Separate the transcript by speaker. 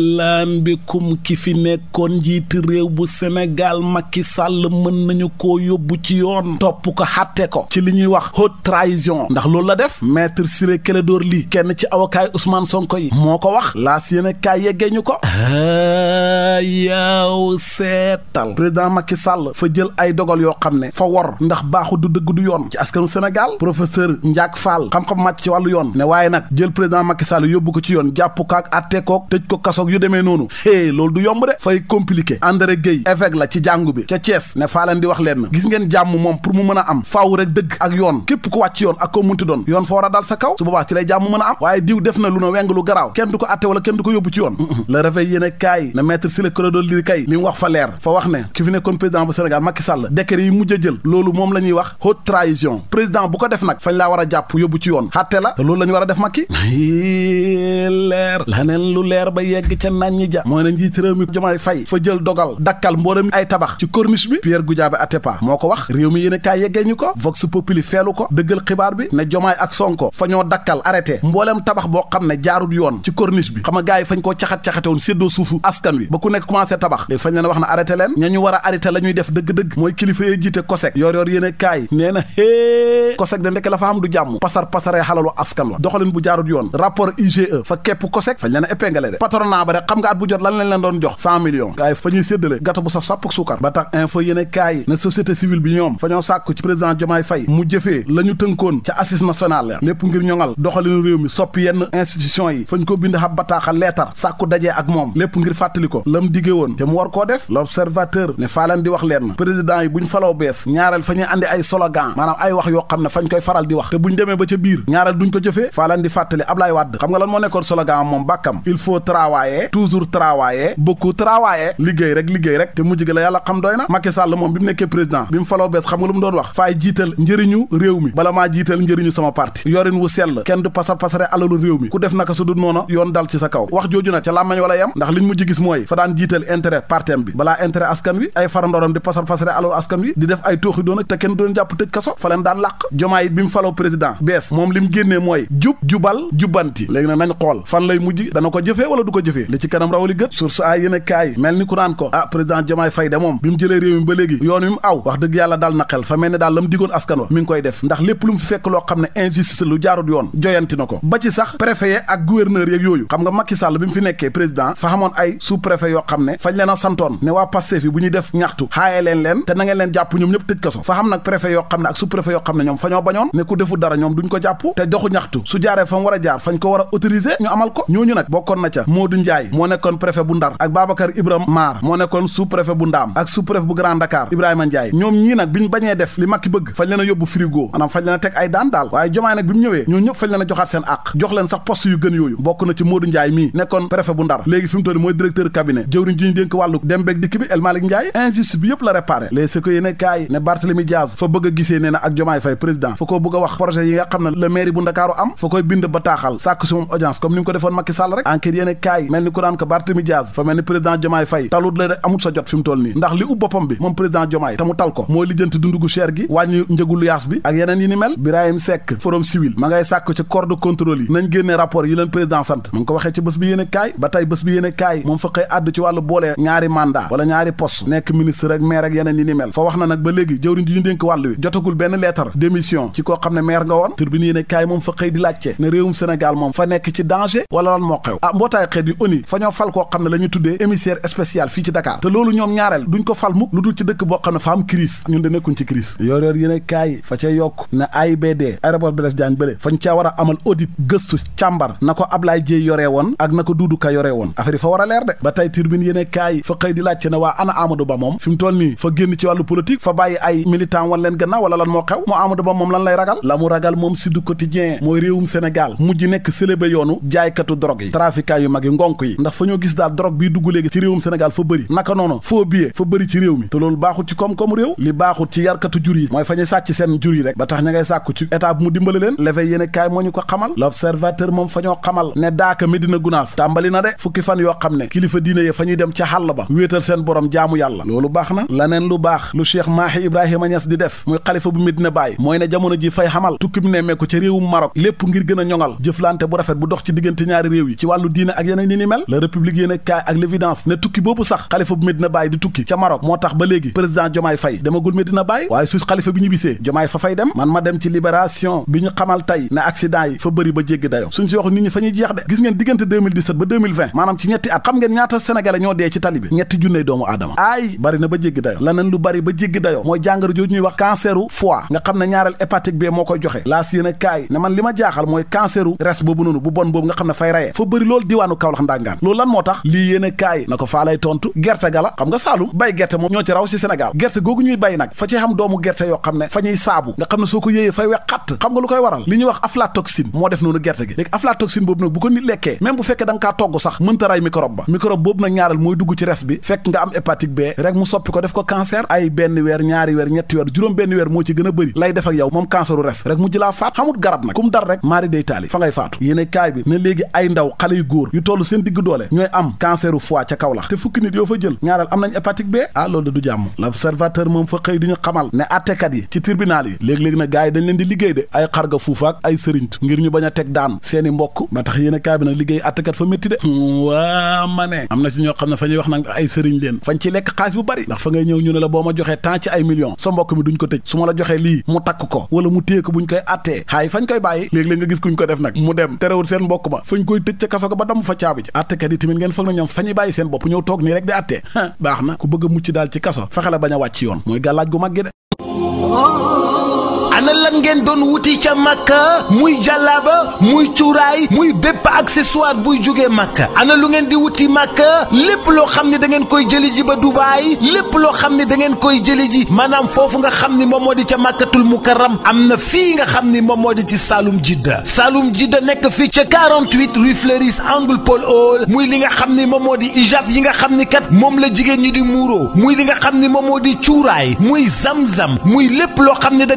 Speaker 1: lan bikum ki fi nekkoon njiiti réew bu Sénégal Macky Sall mën nañu ko yóbbu ci yoon topp ko xatte ko ci li ñuy wax haute trahison ndax loolu la def maître Ciré Clédor Ly kenn ci awokaay yi sonk yi moo ko wax laas yéen kaay yeggee ñu ko yaaw seetal président Macky Sall fa jël ay dogal yoo xam ne fa wor ndax baaxu du dëgg du yoon ci askanu Sénégal professeur Ndiak Fall xam-xam màcc ci wàllu yoon ne waaye nag jël président Macky Sall yóbbu ko ci yoon jàpp kaak atte kook tëj ko kasoog yu demee noonu hé loolu du yomb de fay compliqué André Gueye évêque la ci jàngu bi ca Thiès ne faa di wax leen gis ngeen jàmm moom pour mu mën a am faaw rek dëgg ak yoon képp ku wàcc yoon ak ko munti doon yoon fa war a dal sa kaw su boobaa ci lay jàmm mën a am waaye diw def na lu na weng garaaw kenn du ko atte wala kenn du ko yóbbu ci yoon le réveil yéene kaay ne ki fi la leer laneen lu leer ba yegg ca nañ ja mooy na njiit réew mi Jomaay Fay fa jël dogal dakkal mboolem ay tabax ci corniche bi Pierre Goudiaby Atepa moo ko wax réew mi yéen kaay yeggee ñu ko Vox Populi feelu ko dëggal xibaar bi ne Jomaay ak Sonko fa ñoo dakkal arrêté mboolem tabax boo xam ne jaarut yoon ci corniche bi xam a gars yi fañ koo caxat-caxate woon séddoo suufu askan wi ba ku nekk commencé tabax léegi fañ leen wax na arrêté leen ña ñu war a arrêté la ñuy def dëgg-dëgg mooy kilifa yee jiite COSEC yor yor yéen kaay nee na hee COSEC da ndekk la am du jàmm pasar pasaree xalalu askan wa doxalin bu jaarut yoon rapport IGE fa képp COSEC fañ leen a épinglé de patronat ba rek xam nga at bu jot lan lañ doon jox cent millions gars yi fa séddale gâteau bu saf sàpp suukar ba tax info yéen kaay ne société civile bi ñoom fa sàkku ci président Diomaye Faye mu jëfee la tënkoon ca assise nationale lépp ngir ñoŋal doxalinu réew mi soppi yenn institution yi fañ ko bind ab bataaxal leetar sàkku dajee ak moom lépp ngir fàttali ko lam diggee woon te Abdoulaye Wade xam nga lan moo nekkoon slogan moom bàkkam il faut travailler toujours travailler beaucoup travailler liggéey rek liggéey rek te mujj gi la yàlla xam doy na Macky Sall moom bi mu nekkee président bi mu faloo bees xam nga lu mu doon wax faay jiital njëriñu réew mi bala maa jiital njëriñu sama parti yorin wu sell kenn du pasar pasare alalu réew mi ku def naka su dul noonu yoon dal ci sa kaw wax jooju nag ca làmmañ wala yem ndax li mu génnee mooy léegi nag nañ xool fan lay mujj dana ko jëfee wala du ko jëfee li ci kanam rawali gët source ay yéen mel ni ku naan ko ah président Diomaye Faye de moom bi mu jëlee réew mi ba léegi yoon wi mu aw wax dëgg yàlla daal na xel fa mel ne daal la mu digoon askan wa mi ngi koy def ndax lépp fi fekk loo xam ne injustice lu jaarut yoon joyanti na ko ba ci sax préfet ak gouverneur yeeg yooyu xam nga Macky Sall bi mu fi nekkee président fa xamoon a fañ ko war a autoriser ñu amal ko ñooñu nag bokkoon na ca Modou Ndiaye moo nekkoon préfet bu Ndar ak Babacar Ibrahima Maar moo nekkoon sous préfet bu Ndaam ak su préfet bu Grand Dakar Ibrahima Ndiaye ñoom ñii nag bi ñu bañee def li Macky bëgg fañ leen a yóbbu frigo maanaam fañ leen a teg ay daan daal waaye jomaay nag bi mu ñëwee ñoo ñëpp fañ leen a joxaat seen àq jox leen sax poste yu gën yooyu bokk na ci Modou Ndiaye mii nekkoon préfet bu Ndar léegi fi mu mooy directeur cabinet jëwriñ ji ñu dénk wàllu dem beeg dikk bi El Malick Ndiaye injustice bi yëpp la réparé ko yéene kaay ne Barthélemy Diaz fa a na ak jomaay ko bëgg a sàkk si moom audience comme ni mu ko defoon Macky Sall rek enquête yéen kaay mel ni ku daan ko Barthélemy Diaz fa mel ni président Diomaye Faye talut la de amut sa jot fi mu toll nii ndax li ub boppam bi moom président Diomaye te tal ko mooy lijjanti dundu gu gi wàññi njëgu luyaas bi ak yeneen yi ni mel Birahim Seck forum civil ma ngay sàkk ci corps de yi nañ génne rapport yi leen président sant mu ko waxee ci bés bi yéen kaay ba tey bés bi wala ñaari poste nekk ministre ak maire ak yeneen yi ni na nag ba léegi jëwriñ ji ñu benn lettre démission koo xam ne maire nga woon turbine yéen kaay moom fa xëy di laajte ne Sénégal moom fa nekk ci danger wala lan moo xew ah mbootaayu xeet yi ONU fa ñoo fal koo xam ne la ñu tuddee émissaire fii ci Dakar te loolu ñoom ñaareel duñ ko fal mukk lu dul ci dëkk boo xam ne fa am crise ñun de nekkuñ ci crise yoor yoor yéen fa ca yokk na AIBD aéroport Blaise Diagne bële fañ caa war a amal audit gëstu càmbar na ko Ablaye Dieye yoree woon ak na ko Doudou yore woon affaire yi fa war a leer de ba tey turbine yéen fa xëy mu toll nii fa génn ci wàllu politique fa bàyyi ay militant wan leen moom lan lay la mu ragal moom Sud Quotidien mooy réewum Sénégal mujj ne nekk sëlëbe yoonu jaaykatu drogue yi trafiquants yu mag yi ngonk yi ndax fa ñoo gis daal drogue biy dugg léegi ci réewum Sénégal fa bëri naka noonu faux billets fa bëri ci réew mi te loolu baaxut ci koom-koom réew li baaxut ci yarkatu jur yi mooy fa ñuy sàcc seen jur yi rek ba tax ña ngay sàkku ci état mu dimbale leen levé yéen moo ñu ko xamal l'observateur moom fa ñoo xamal ne daaka Medina Gunaas tàmbali na de fukki fan yoo xam ne kilifa diine yi fa ñuy dem ca xàll ba wéetal seen borom jaamu yàlla loolu baax na laneen lu baax lu Cheikh Mahi Ibrahima Niass di def muy xalifa bu Medina Baye mooy ne jamono ji fay xamal tukkib nemmeeku ca réewum Maroc lépp ngir gën a ñoŋal jëf jëflante bu rafet dox ci diggante ñaari réew yi ci wàllu diine ak yeneen ni mel la république yéen kaay ak l'évidence ne tukki boobu sax xalifa bu Medina Baye di tukki ca Maroc moo tax ba léegi président Diomaye Faye demagul Medina Baye waaye su xalifa bi ñu bisee Diomaye fa fay dem man ma dem ci libération bi ñu xamal tey ne accident yi fa bëri ba jéggi dayo suñ si wax nit ñi fa ñuy jeex de gis ngeen diggante ba maanaam ci ñetti at xam ngeen ñaata sénégalais boobu noonu bu bon boobu nga xam ne fay rayee fa bëri loolu diwaanu Kaolack ndangaan loolu lan moo tax lii yéen a kaay na ko faa tontu gerte ga la xam nga Saalum bay gerte moom ñoo ci raw ci Sénégal gerte googu ñuy bay nag fa ci xam doomu gerte yoo xam ne fa ñuy saabu nga xam ne soo ko yéeyee fay weqatt xam nga lu koy waral li ñuy wax aflatoxine moo def noonu gerte gi léegi aflatoxine boobu nag bu ko nit lekkee même bu fekkee da nga kaa togg sax mënta ray microbe a faatu kaay bi ne léegi ay ndaw xale yu góor yu toll seen digg doole ñooy am canceru foie ca Kaolack te fukki nit yoo fa jël ñaaral am nañ hépatique B ah loolu de du jàmm l'observateur moom fa xëy di xamal ne attekat yi ci tribunal yi léegi-léegi na gars yi dañ leen di liggéey de ay xarga fuufaak ay sëriñt ngir ñu bañ a teg daan seeni mbokk ba tax yéene kaay bi na liggéey attekat fa métti de hmm, waa ma ne am na ci ñoo xam ne fa ñuy wax nag ay sëriñ leen fañ ci lekk xaalis bu bari ndax fa ñëw ñu ne la boo ma joxee temps ay millions sa mbokk mi duñ ko tëj su ma la joxee lii mu ko wala mu téye ko buñ koy attee haay fañ koy bàyyi léegi-léeg nga gis kuñ ko def nag mu dem terewul seen mbokk ma fañ koy tëj ca kaso ga ba damm fa caabi ji attekat yi tamit ngeen foog na ñoom fa ñuy bàyyi seen bopp ñëw toog nii rek di attee baax na ku bëgg a mucc daal ci kaso fexe la bañ a wàcc yoon mooy gàllaaj gu mag de
Speaker 2: ana lan ngeen doon wuti ca màkka muy jàllaaba muy cuuraay muy bépp accessoire buy jógee màkka ana lu ngeen di wuti màkka lépp loo xam ne da ngeen koy jëli ji ba Dubaay lépp loo xam ne da ngeen koy jëli ji maanaam foofu nga xam ne moom moo di ca màkkatul mukarram am na fii nga xam ne moom moo di ci saalum Jidda saalum Jidda nekk fii ca 48 rue Fleuris angle Paul Hall muy li nga xam ne moom moo di ijab yi nga xam ni kat moom la jigéen ñi di muuroo muy li nga xam ni moom moo di cuuraay muy zamzam muy lépp xam ni da